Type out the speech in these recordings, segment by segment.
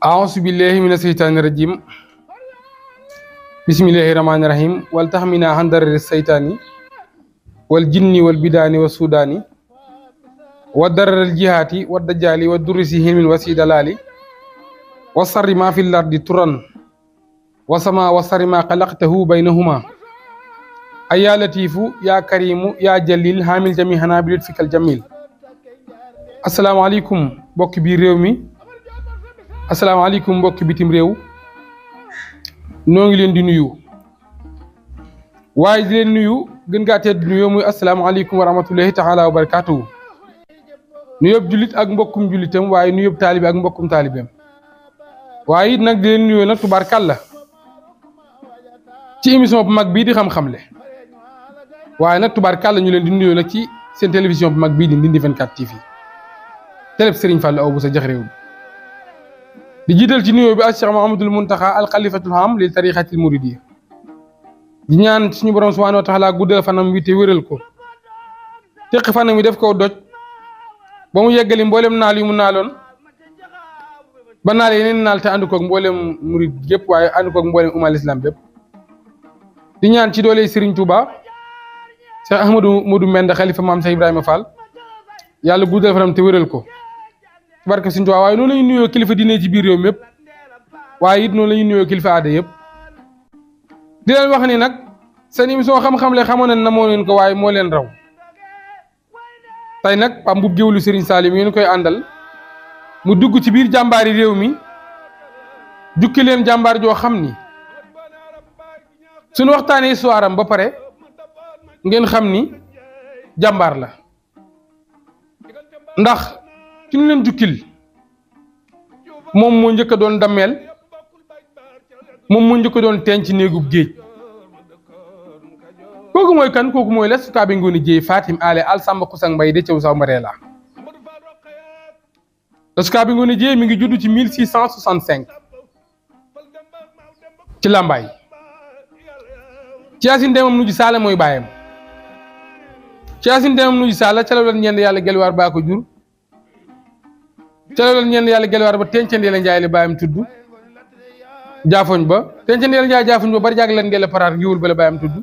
أعوذ بالله من الشيطان الرجيم بسم الله الرحمن الرحيم والتحمينا هندر الشيطان والجن والبدان والسودان والدر الجهات والدجال والدرسهم وسيد لالي والصر ما في الأرض تران وسما وصر ما قلقته بينهما أيا لطيف يا كريم يا جليل حامل جميعنا بلطفك الجميل السلام عليكم bi réew assalamu alaykum mbokki bitim rew no ngi len di nuyu way di len nuyu gën ga tedd nuyoo muy alaykum wa rahmatullahi taala wa barakatuh barakaatuhu nuyoob julit ak mbokum julitam way waaye nuyoob talib ak mbokum talibem way it nag di leen nuyoo nag tubaarkàlla ci émission bu mag bi di xam-xamle way nag tubaarkàlla ñu len di nuyu nak ci sen télévision bu mag bi di Ndindy 24 TV télé Serigne Fallou Aw bu sa jax réew bi di jiital ci nuyoo bi ak Cheikh Mouhamadul taxa alxalifatul am li tariqatil muridiyya di ñaan suñu borom subhaanahu wa taala guddal fanam wi te wéral ko teq fanam wi def ko doj ba mu yeggali mboolem naal yu mu naaloon ba naal yeneen naal te ànd koog mboolem murid yëpp waaye ànd koog mboolem umal islam bépp di ñaan ci doole Serigne Touba Cheikh Ahmadou Modou Mbend xalifa maam Cheikh Ibrahima Fall yàlla guddal fanam te wëreel ko. barke Sëñ Tuubaa waaye noonu la ñuy nuyoo kilifa diine ci biir réew mi yëpp waaye it noonu la ñuy nuyoo kilifa aada yëpp di wax ni nag seen émission xam-xam le xamoon na moo leen ko waaye moo leen raw tey nag Pape Mboup Géwélu Serigne Saliou mi ngeen koy àndal mu dugg ci biir jàmbaari réew mi jukki leen jàmbaar joo xam ni suñu waxtaanee histoire ba pare ngeen xam ni jàmbaar la ndax ki ñu leen jukkil moom moo njëkk doon dammeel moom moo njëkk doon teen ci néegub géej kooku mooy kan kooku mooy les sukaabe ngooni jéey fatim ale al samba kusang mbay de caw saw mbaree la les sukaabe ngooni jéey mi ngi judd ci mille six cent soixante ci làmbaay ci yaasin demam nuju saala mooy baayam ci yaasin demam nuju saala ca la doon yàlla gelwaar baa ko jur ca la doon ñenn yàlla gelewaar ba tencandeela njaay la bàyyam tudd jaafoñ ba tencandeela njaay jaafoñ ba bari jaag leen ndeela paraat ngiwul la bàyyam tudd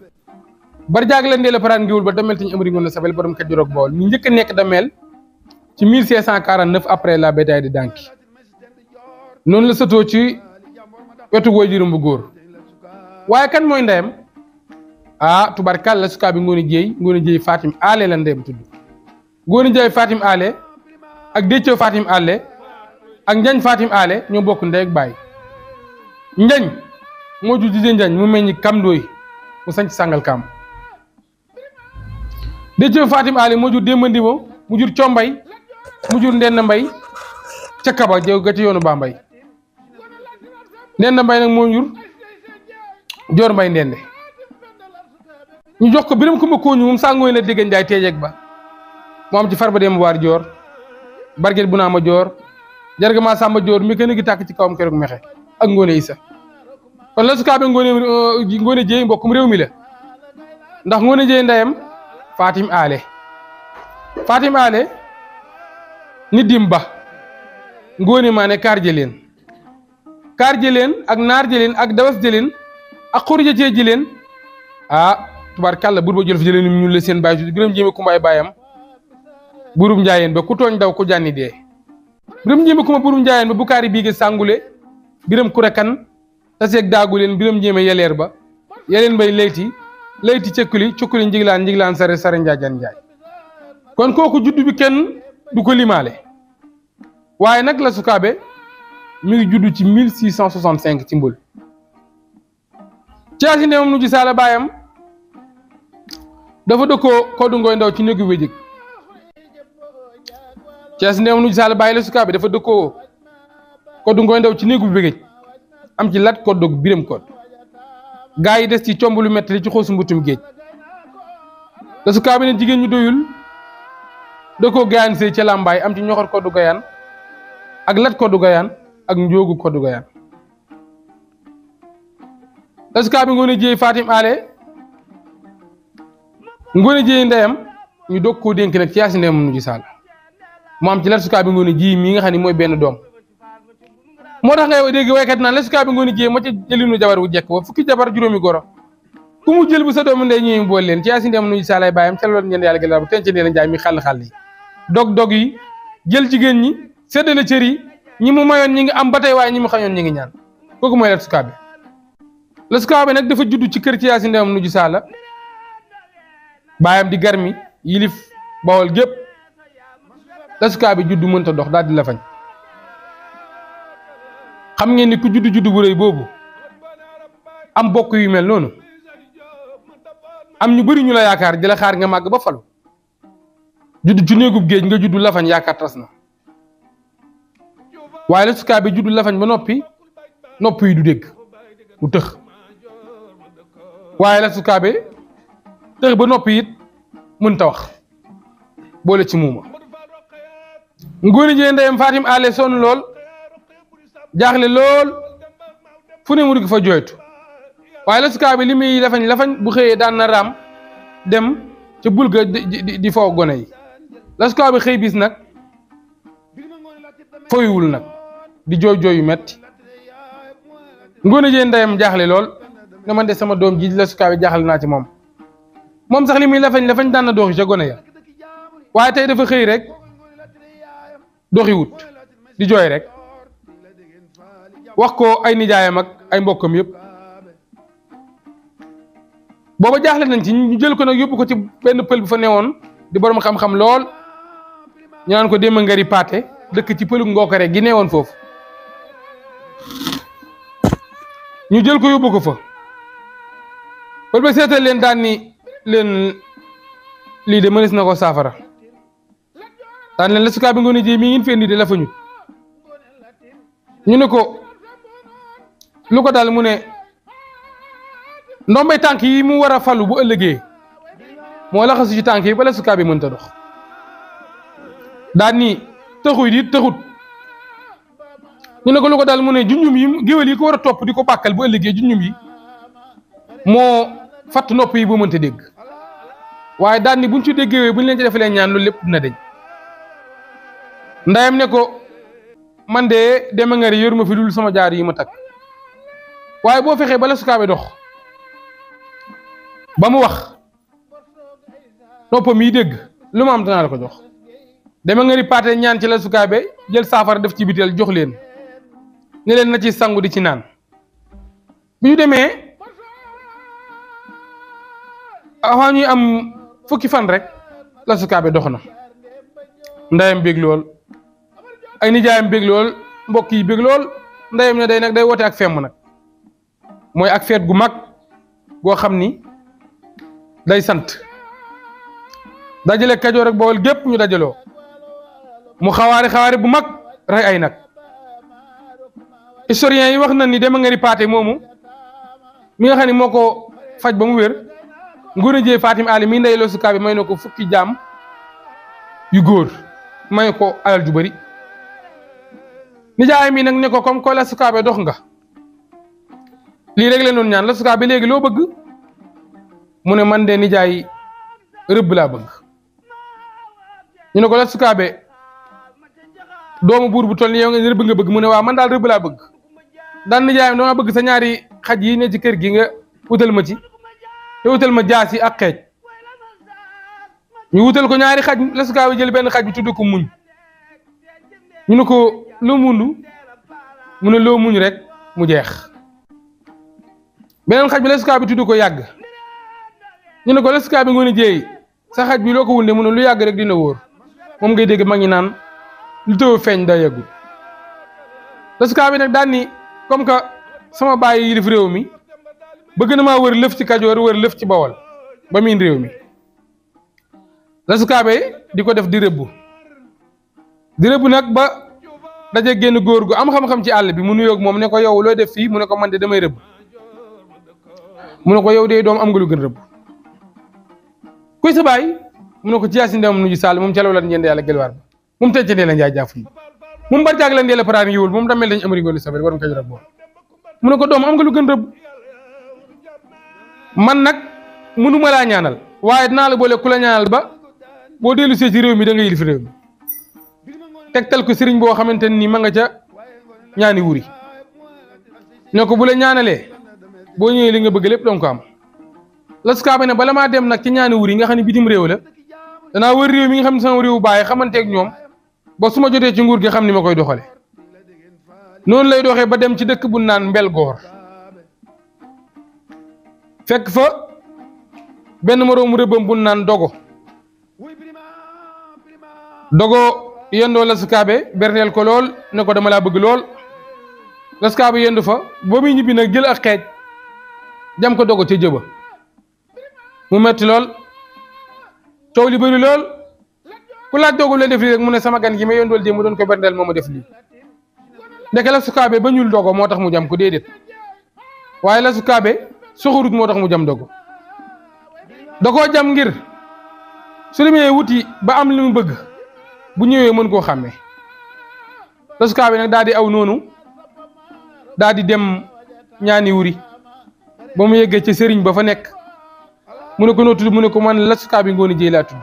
bari jaag leen ndeela paraat ngiwul ba damel tañu amari ngoon na sabel borom kat joroog bool ñu njëkk a nekk damel ci 1549 après la bataille de Danki noonu la sëtoo ci wetu woy juróom bu góor waaye kan mooy ndeyam ah tubarkal la sukaa bi ngoon a jéey ngoon a jéey Fatim Aale la ndeyam tudd ngoon a jéey Aale ak Déthié Fatim Allé ak Ndiagne Fatim Allé ñoo bokk ndey ak baay Ndiagne moo jur Didier Ndiagne mu meññ Kam Ndoye mu sanc Sangalkam Déthié Fatim Allé moo jur Demba mu jur Combay mu jur Ndend Mbay ca Kaba jéego ga ci yoonu Bambay Ndend Mbay nag moo jur Joor Mbay Ndende ñu jox ko bi ku ma kooñu moom sàngooy na dégg teejeeg ba mu am ci farba dem waar Joor barket bu naa ma joor jarga maa sàmba joor mi kenn gi tàkk ci kawam keroog mexe ak ngoone isa kon la sukaabe ngoone ngoone euh, jéey mbokkum réew mi la ndax ngoone jéey ndeyam fatim ale fatim ale ni dimba ngoone maa ne kaar jëleen kaar jëleen ak naar jëleen ak dabas jëleen ak xurja cee jëleen ah tubaar kàlla buur ba jël fi jëleen ñu la seen baay su gërëm jéeme kumbaay baayam burum njaayeen ba ku tooñ daw ku jànni dee biram njéeme kuma burum njaayeen ba bukaari biige sàngule biram kure kan taseeg daagu leen biram njéeme yeleer ba yeleen bay leyti leyti cëkkuli cukkuli njiglaan njiglaan sare sare njaajan njaay kon kooku juddu bi kenn du ko limaale waaye nag la sukaabe mi ngi juddu ci mille six cent soixante cinq ci mbul caasi ndemam nu ji saala dafa dëkkoo ko du ndaw ci néegu wéjëg Cees neew nuj saal bàyyi la sukaabe dafa dëkkoo koddu ngoy ndaw ci néegu bi bëggëj am ci lat kodd doog biram kodd gaa yi des ci comb lu metti li ci xoosu mbutum géej la na jigéen ñu doyul dëkkoo gayaan sëy ca làmbaay am ci ñoxor koddu gayaan ak lat koddu gayaan ak njóogu koddu gayaan la sukaabe ngoone jéey Fatim Ale ngoone jéey ndeyam ñu doog koo dénk ci Cees neew nuj saal mam am ci lat sukaa bi ngoni ji mi nga xani moy ben dom doom tax ngay dégg waykat naan lat sukaa bi ngoni ji ma ca jëlinu jabar wu jek wa fukki jabar juromi goro ku mu jël bu sa dom ndey ñuy bool leen ci yaa dem bu tenc jaay mi xal xal yi dog dog yi jël jigéen ñi séddale ci ri ñi mu mayon ñi ngi am batay way ñi mu xañon ñi ngi ñaan ko moy lat sukaa bi lat sukaa bi nak dafa judd ci kër ci dem di garmi yilif bawol gep laskaa bi juddu mënta dox daal di la xam ngeen ni ku juddu juddu bu rëy boobu am bokk yu mel noonu am ñu bëri ñu la yaakaar di la xaar nga màgg ba falu juddu ci néegub géej nga juddu lafañ yaakaar tas na waaye laskaa bi juddu lafañ ba noppi nopp yi du dégg du tëx waaye lasukaabe tëx ba noppi it mënta wax boole ci muuma nguuri jee ndeyam Fatim Allé sonn lool jaaxle lool fu ne mu dugg fa jooytu waaye lasukaa bi li muy lafañ lafañ bu xëyee daan na raam dem ca bul di di foo gone yi lasukaa bi xëy bis nag foyuwul nag di jooy jooy yu metti ngoone jee ndeyam jaaxle lool nga man de sama doom ji lasukaa bi jaaxle naa ci moom moom sax li muy lafañ lafañ daan na doxi ca gone ya waaye tey dafa xëy rek wut di jooy rek wax ko ay nijaayam ak ay mbokam yeb boba jaxle nañ ci ñu jël ko nak yobbu ko ci benn peul bu fa neewon di borom xam-xam lool ñaan ko dem ngari paté dekk ci pëlug rek gi neewon fofu ñu jël ko yobbu ko fa peul ba sétal leen ni leen de mënees nako safara daan leen la sukaabi ngoone jéy mi ngeen fi indi di la fañu ñu ne ko lu ko daal mu ne ndombay tànk yi mu war a falu bu ëllëgee moo laxasu ci tànk yi ba la sukaabi mënta dox daan ni taxuy di taxut ñu ne ko lu ko daal mu ne junjum yi géwél yi ko war a topp di ko bàkkal bu ëllëgee junjum yi moo fatt nopp yi bu mënta dégg waaye daan bu buñ ci bu buñ leen ci defalee ñaan loolu lépp dina deñ ndayam ne ko man de dema ngari yor ma fi dul sama jaar yi ma takk waaye boo fexee ba la sukaabe dox ba mu wax noppam yi dégg lu ma am tanaa la ko jox dema ngari paate ñaan ci la sukaabe jël saafara def ci biteel jox leen ne leen na ci sangu di ci naan bi ñu demee avant ñuy am fukki fan rek la sukaabe dox na ndayam bég lool ay nijaayam bég lool mbokk yi bég lool ndeyam ne day nag day woote ak femm nag mooy ak feet gu mag goo xam ni day sant dajale kajoor ak gépp ñu dajaloo mu xawaari xawaari bu mag rey ay nag historien yi wax na ni dema ngari paate moomu mu nga xam ne moo ko faj ba mu wér nguur jëye Fatim Ali mi ndey loosu kaa bi may na ko fukki jaam yu góor may ko alal ju bari nijaay mi nak ne ko comme ko la sukaabe dox nga li rek la ñun ñaan la mande legi lo bëgg mu ne man de nijaay reub la bëgg ñu ne ko la sukaabe doomu bur bu toll ni yow nga reub nga bëgg mu ne wa man dal reub la bëgg dan nijaay dama bëgg sa ñaari xaj yi ne ci kër gi nga wutal ma ci te wutal ma jaasi ak xej ñu wutal ko ñaari xaj la sukaabe jël ben xaj bi tuddu ko muñ ñu ne ko loo mundu mu ne loo muñ rek mu jeex beneen xaj bi lesukaa bi tudd ko yàgg ñu ne ko lesukaa bi ngoon a jéey sa xaj bi loo ko wunde mu ne lu yàgg rek dina wóor moom nga dégg mag ñi naan lu tëw feeñ daa yàggul lesukaa bi nag daan ni comme que sama bàyyi yilif réew mi bëgg na maa wër lëf ci kajoor wër lëf ci bawol ba miin réew mi lesukaa di ko def di rëbbu di rëbb nag ba daje génn góor gu am xam-xam ci àll bi mu nuyoog moom ne ko yow loo def fii mu ne ko man de damay rëbb mu ne ko yow de doom am nga lu gën rëbb kuy sa baay mu ne ko ci yaasin ndam moom calaw la njënd yàlla gëlwaar ba moom tey jëndee la njaay jaafuñ moom bari jaag la ndee la paraani yiwul moom dammel dañu amari ngoon sabari waroon ko ko doom am nga lu gën rëbb man nag mënuma laa ñaanal waaye dinaa la boole ku la ñaanal ba boo dellu see ci réew mi da nga yilif réew mi tegtal ko sëriñ boo xamante ni ma nga ca ñaani wuri ne ko bu la ñaanalee boo ñëwee li nga bëgg lépp danga ko am las kaaba ne bala maa dem nag ci ñaani wuri nga xam ne bitim réew la danaa wër réew mi nga xam ne sama réew bàyyi xamanteeg ñoom ba su ma jotee ci nguur gi xam ni ma koy doxale noonu lay doxee ba dem ci dëkk bu naan mbel goor fekk fa benn moroomu rëbbam bu naan dogo dogo la skabe bernel ko lol ne ko dama laa bëgg la skabe yendo fa bo mi ñibbi nag jël ak xej jam ko dogo ci jëba mu metti lol taw li bëri lol ku laaj dogo len def lii rek mu ne sama gan gi ma yendool jëm mu don ko bernel moo def li nek la skabe ba ñul dogo motax mu jam ko dedet waye la skabe moo motax mu jam dogo dogo jam ngir wuti ba am limu bu ñëwee mën koo xàmmee rasuka bi nag daal di aw noonu daal di dem ñaani wuri ba mu yeggee ci sëriñ ba fa nekk mu ne ko noo tudd mu ne ko man rasuka bi ngoon jëy laa tudd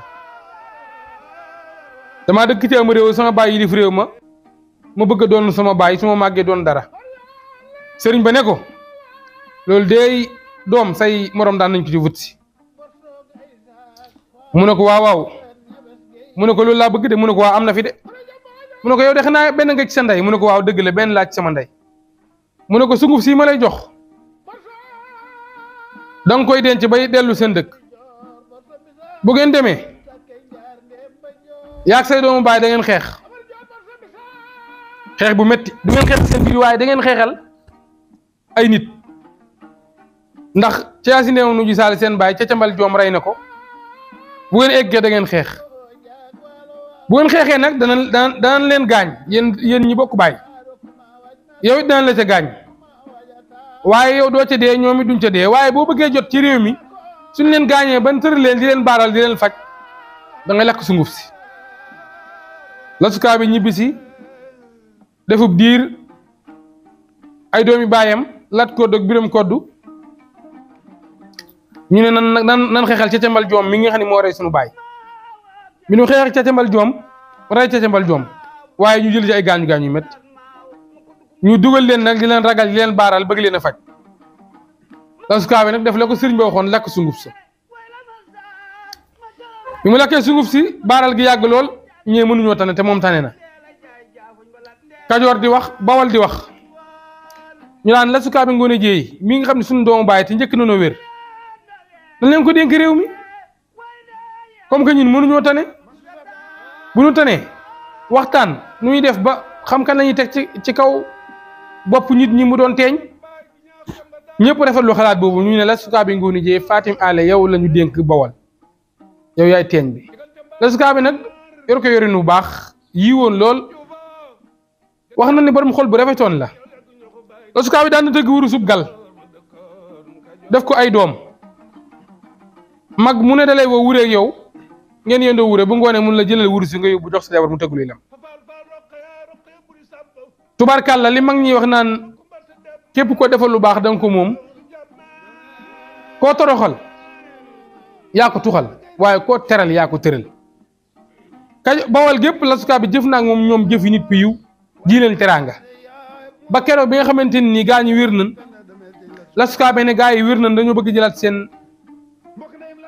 damaa dëkk ci am réew sama baay yilif réew ma ma bëgg a doon sama baay su ma màggee doon dara sëriñ ba ne ko loolu de doom say moroom daan nañ ko ci wut mu ne ko waaw mu ne ko loolu laa bëgg de mu ne ko waaw am na fi de mu ne ko yow de xanaa benn nga ci sa ndey mu ne ko waaw dëgg la benn laa sama ndey mu ne ko sunguf sii ma lay jox da nga koy denc bay dellu seen dëkk bu ngeen demee yaag say doomu baay da ngeen xeex xeex bu metti du ngeen xeex seen biir waaye da ngeen xeexal ay nit ndax ca yaasindeew nu ji saal seen baay ca cambal joom rey na ko bu ngeen eggee da ngeen xeex bu ngeen xeexee nag dana danañ danañ leen gaañ yéen yéen ñi bokk baay yow it danañ la ca gaañ waaye yow doo ca dee ñoom it duñ ca dee waaye boo bëggee jot ci réew mi suñ leen gaañee ban tëral leen di leen baaral di leen faj da ngay lakk sunguf si lasukaa bi ñibbi si defub diir ay doomi baayam lat kodd ak biram kodd ñu ne nan nan nan xeexal ca cambal joom mi nga xam ne moo rey suñu baay bi ñu xëy ak Caca Mbal Joom rey waaye ñu jël ci ay gaañu gaañu yu ñu dugal leen nag di leen ragal di leen baaral bëgg leen a faj lasukaa bi nag def la ko sëriñ bi waxoon lakk sunguf sa bi mu sunguf si baaral gi yàgg lool ñee mënuñoo tane te moom tane na kajoor di wax bawal di wax ñu naan lasukaa bi ngoon a jéey mi nga xam ne suñu doomu baay te njëkk na noo wér dañ leen ko dénk réew mi comme que ñun mënuñoo tane bu ñu tanee waxtaan nu ñuy def ba xam ka nañuy ñuy teg ci ci kaw bopp nit ñi mu doon teeñ ñëpp rafetlu xalaat boobu ñu ne la sukaabi ngooni jee Fatim Ale yow la ñu dénk bawal yow yaay teeñ bi la sukaabi nag yor ko yorin bu baax yii woon lool wax na ni borom xol bu rafetoon la la sukaabi daan na tëgg wuru sub gal def ko ay doom mag mu ne dalay woo wureeg yow ngeen yendoo wuure bu ngoonee mun la jëlal wurus yi nga yóbbu jox sa jabar mu tëggul lam tubarkàlla li mag ñi wax naan képp ko defal lu baax danga ko moom koo toroxal yaa ko tuxal waaye koo teral yaa ko tëral ka bawal gépp lasukaa jëf naa moom ñoom jëfi nit piyu ji teraanga ba keroog bi nga xamante ni nii gaa ñi wér nañ lasukaa bi ne gaa yi wér nañ dañoo bëgg jëlaat seen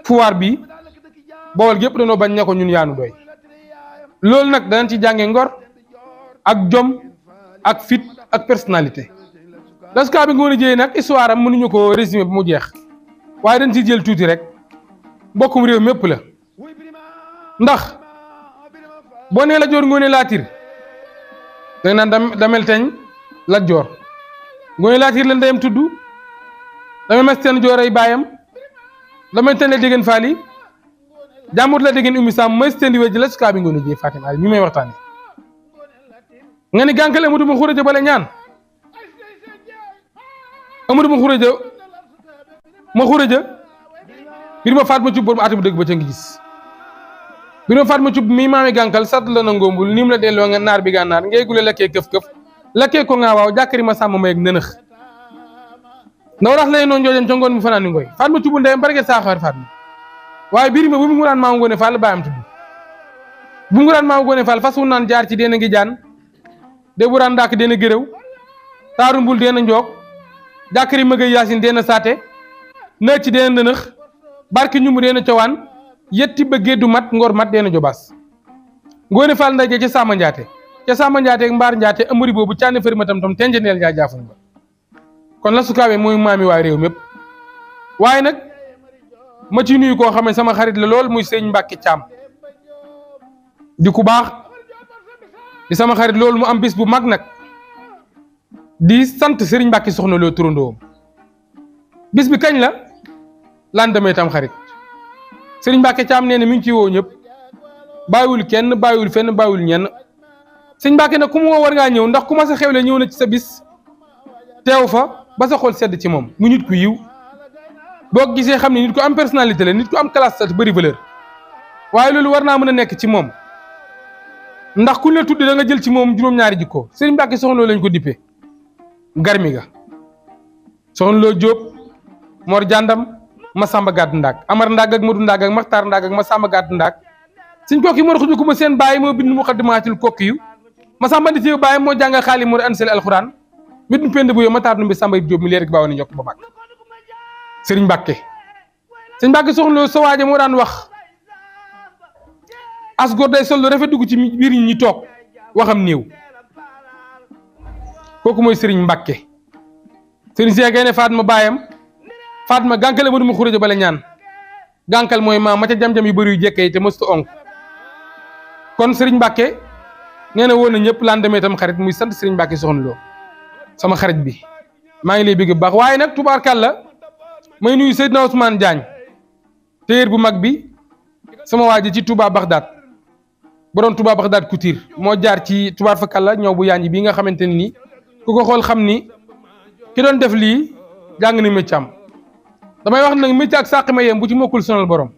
fuwaar bi bool gépp dañoo bañ ne ko ñun yaanu doy loolu nag danañ ci jànge ngor ak jom ak fit ak personnalité das kaa bi nga a jëyee nag histoire mënuñu ko résumé bu mu jeex waaye dañ ciy jël tuuti rek mbokkum réew mépp la ndax boo nee la joor ngoone laatir da naan damel teñ la joor ngoone laatir la ndeyam tudd damel mes teen joor ay baayam damel teñ la déggeen Jamur la degen ummi sam mastendi weji la bi ngone je fatima ali may waxtane ngani gankale mudum mo xureje bale ñaan amadou mo xureje mo xureje birma fatma ci borom ati bu ba ca ngi gis birma fatma ci mi maami gankal sat la na ngombul nim la delo nga nar bi gànnaar ngay gule lakkee këf-këf lakkee ko nga waw jakari ma sam may ak nënëx rax lay noonu joojoon ci ngone mu fanani ngoy fatma bu barke fatma waaye birima bu mu nguraan maa ngoone Fall baayam tudd bu mu nguraan maa ngoone Fall fas naan jaar ci dena ngi jaan de buraan ndàkk dena gërëw taaru mbul dena njoog jàkkari mëgëy yaasin dena saate nëcc ci dena ndënëx barki ñumbu dena cowaan yetti ba géddu mat ngor mat dena jobaas ngoone Fall ndaje ca saama njaate ca saama njaate ak mbaar njaate amari boobu cànni fëri ma tam tam tenjaneel njaa jaafun kon la su kaawee maami waa réew mépp ma ci nuyu koo xam ne sama xarit la lool muy sëñ Mbacke caam di ku baax di sama xarit loolu mu am bis bu mag nag di sant sëriñ Mbacke soxna loo turandoo bis bi kañ la lan demee tam xarit Serigne Mbacke Thiam nee na mi ngi ciy woo ñëpp bàyyiwul kenn bàyyiwul fenn bàyyiwul ñenn sëñ Mbacke na ku mu war ngaa ñëw ndax ku ma sa xewle ñëw na ci sa bis teew fa ba sa xol sedd ci moom mu nit ku yiw. boo gisé xamni nit ku am personnalité la nit ku am classe sa bari valeur waye lolu warna mëna nek ci mom ndax ku la tuddi da nga jël ci mom juroom ñaari jikko serigne Mbàkke soxna lañ ko dippé garmi ga soxna Lo job, Mor jandam ma Samba ndak. ndak Amar ndak ak modou ndak ak maktar ndak. ak ma Samba gad ndak suñ kooki mo raxuju ko ma sen baye mo bind mu xaddimaatil kokki yu ma Samba ndi ci baye mo jang xaali mo ansel alxuraan mi du pend bu yo ma tar nu bi Samba mi leer ak ñok ba sëriñ Mbàkke sëriñ Mbàkke soxna sa waaje moo daan wax as góor day sol dugg ci biir ñi ñu toog waxam néew kooku mooy sëriñ Mbàkke sëriñ Cheikh Gaynde Fatma baayam Fatma gànkale ma ma xuréjo bale ñaan gànkal mooy maam ma ca jam yu bëri yu jekke yi te kon sëriñ Mbàkke nee na woon na ñëpp laan demee tam xarit muy sant sëriñ Mbàkke soxna sama xarit bi maa ngi lay bëgg baax waaye nag tubaarkàlla may nuyu Seydina Ousmane Diagne téer bu mag bi sama waa ji ci Touba Bagdad borom Touba Bagdad Couture moo jaar ci tubaab Touba Fakala ñëw bu yaañ bi nga xamante ni nii ku ko xool xam ni ki doon def lii jàng na métier am damay wax nag métier ak sàq ma yem bu ci mokkul sonal borom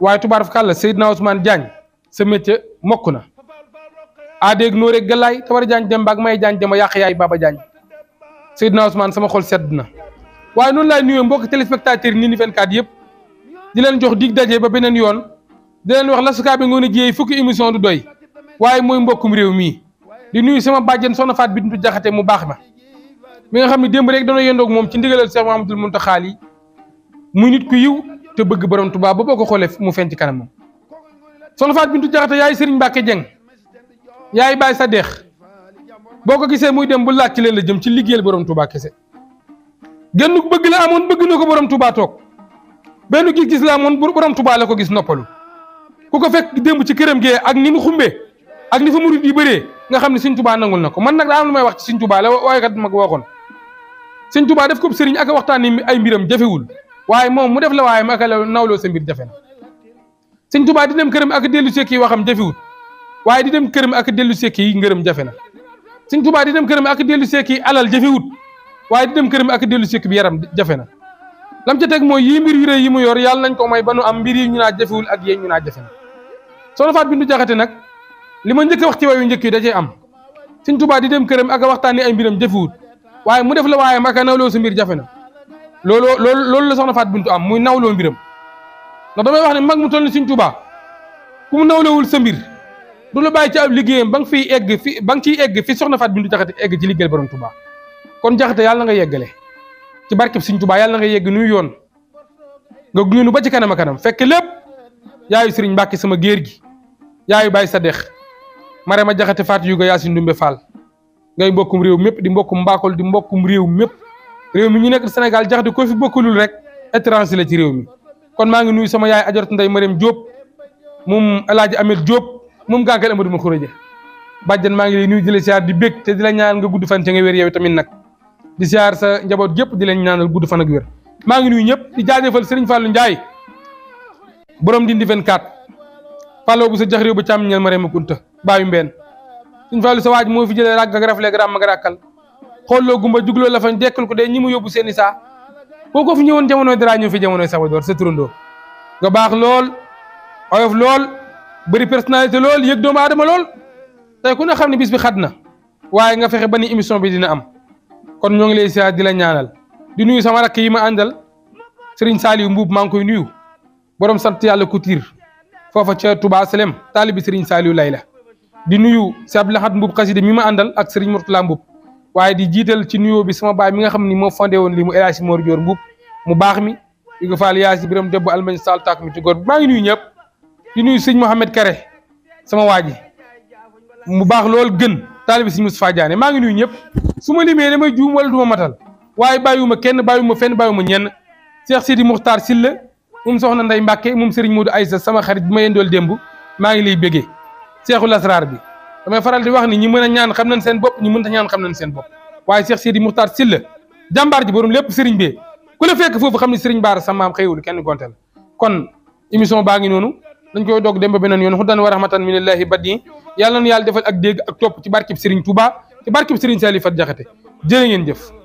waaye Touba Fakala Seydina Ousmane Diagne sa métier mokk na. aadéeg nóore galaay tawar jaan jëm baag may jaan jëma yàq yaay baba jaan Seydina Ousmane sama xol sedd na. waaye noonu laay nuyoo mbokk téléspectateur Ndindy 24 yëpp di leen jox dig daje ba beneen yoon di leen wax la sukaa bi ngoon a jiyee fukki émission du doy waaye mooy mbokkum réew mii di nuyu sama bàjjen soxna Faat bi Bintu Jaxate mu baax ma mi nga xam ne démb rek danoo yendoog moom ci ndigalal Cheikh Mahamadul Muntaxa yi muy nit ku yiw te bëgg borom tubaab ba boo ko xoolee mu feeñ ci kanamam soxna Faat Bintu Jaxate yaay Sëriñ Mbàkke Jeng yaay Baay Sadeex boo ko gisee muy dem bu laaj ci leen la jëm ci liggéeyal borom Tuubaa kese génn bëgg la amoon bëgg na ko borom tubaa toog benn gis-gis la amoon borom tubaa la ko gis noppalu ku ko fekk démb ci këram gee ak ni mu xumbe ak ni fa murid yi bëree nga xam ne sëñ tubaa nangul na ko man nag daa am lu may wax ci sëñ tubaa la waaye kat mag waxoon sëñ tubaa def ko sëriñ ak waxtaan ay mbiram jafewul waaye moom mu def la waaye ma ak la nawloo sa mbir jafe na sëñ tubaa di dem këram ak dellu sekki waxam jafewul waaye di dem këram ak dellu sekki ngërëm jafe na sëñ di dem këram ak dellu sekki alal jafewut waaye di dem këram ak dellu sikk bi yaram jafe na lam ca teg mooy yii mbir yu réy yi mu yor yàlla nañ ko may ba nu am mbir yi ñu naa jafewul ak yéen ñu naa jafe na soxna Faat Bintu Jaxate nag li ma njëkk wax ci wayu njëkk da cee am Sëñ tubaa di dem këram ak a waxtaanee ay mbiram jafewul waaye mu def la waaye maka nawloo sa mbir jafe na looloo loolu loolu la soxna Faat Bintu am muy nawloo mbiram da damay wax ne mag mu toll ni Sëñ Tuubaa ku mu nawlowul sa mbir du la bàyyi ci ab liggéeyam ba nga fiy egg fi ba nga ciy egg fi soxna Faat Bintu Jaxate egg ci liggéeyal borom Tuubaa kon jaxate yalla nga yeggale ci barkeb Sëriñ touba yalla nga yegg nuyu yoon nga gnu nu ba ci kanam a kanam fekk lépp yaayu Sëriñ mbacke sama geer gi yaayu Baye Sadex ma Jaxate Fatou Yuga yassine Dumbe Fall ngay mbokum rew mepp di mbokum mbakol di mbokum rew mepp rew mi ñu nekk senegal jaxate ko fi bokulul rek étranger la ci rew mi kon ma ngi nuyu sama yaay adjort ndey Mariam Diop mum El amel Diop mum gànkal Amadou Makhourédia badjan ma ngi lay nuyu di la ziar di bekk te di la ñaan nga gudd fan nga wër yow tamit nak di ziar sa njaboot gépp di leen ñaanal gudd fan ak wér maa ngi nuyu ñëpp di jaajëfal Serigne Fallou Ndiaye borom dindi 24 Fallou bu sa jax réew ba càmm ma rema kunta bàyyi mbeen Serigne sa fi jëlee ràgg ak rafle ak ràmm ak ràkkal xoolloo la fañ dekkal ko de ñi mu yóbbu seen i saa boo ko fi ñëwoon jamonoy dara ñëw fi jamonoy sabadoor sa turandoo nga baax lool oyof lool bëri personnalité lool yëg doomu aadama lool tey ku ne xam ne bis bi xat na waaye nga fexe ba ni émission bi dina am kon ñoo ngi lay siyaar di la ñaanal di nuyu sama rakk yi ma àndal Serigne Saliou mbub maa ngi koy nuyu borom sant yàlla ku tiir foofa ca Touba Salem taalibi Serigne Saliou lay la di nuyu si Abdou Lahad Mbuub xaside mi ma àndal ak Serigne Mourtala Mbuub waaye di jiital ci nuyoo bi sama baay mi nga xam ni moo fondé woon lii mu El Hadj Mor Dior Mbuub mu baax mi di ko faal yaa si biram debbu almañ sal tak mi ci góor bi maa ngi nuyu ñëpp di nuyu sëñ Mouhamed Kare sama waa ji mu baax lool gën taalibi sëñ Moustapha Diané maa ngi nuyu ñëpp su ma limee damay juum wala du ma matal waaye bàyyiwuma kenn bàyyiwuma fenn bàyyiwuma ñenn Cheikh Sidi Moukhtar Silla moom soxna Ndey Mbàkke ma yendool démb maa ngi lay bégee Cheikhu Lasrar bi damay faral di wax ni ñi mën a ñaan xam nañ seen bopp ñi mënta xam nañ seen bopp waaye Cheikh Sidi Moukhtar Silla jàmbaar ji borom lépp Serigne bi ku la fekk foofu xam ne Serigne Baara sa maam xëyul kenn gonte kon émission baa ngi noonu dañ koy dog dem ba beneen yoon xuddan wa rahmatan minallahi badi yàlla na yàlla defal ak dégg ak topp ci barkib Serigne Touba ci barkib Serigne Saliou Fat Diakhaté jërë ngeen jëf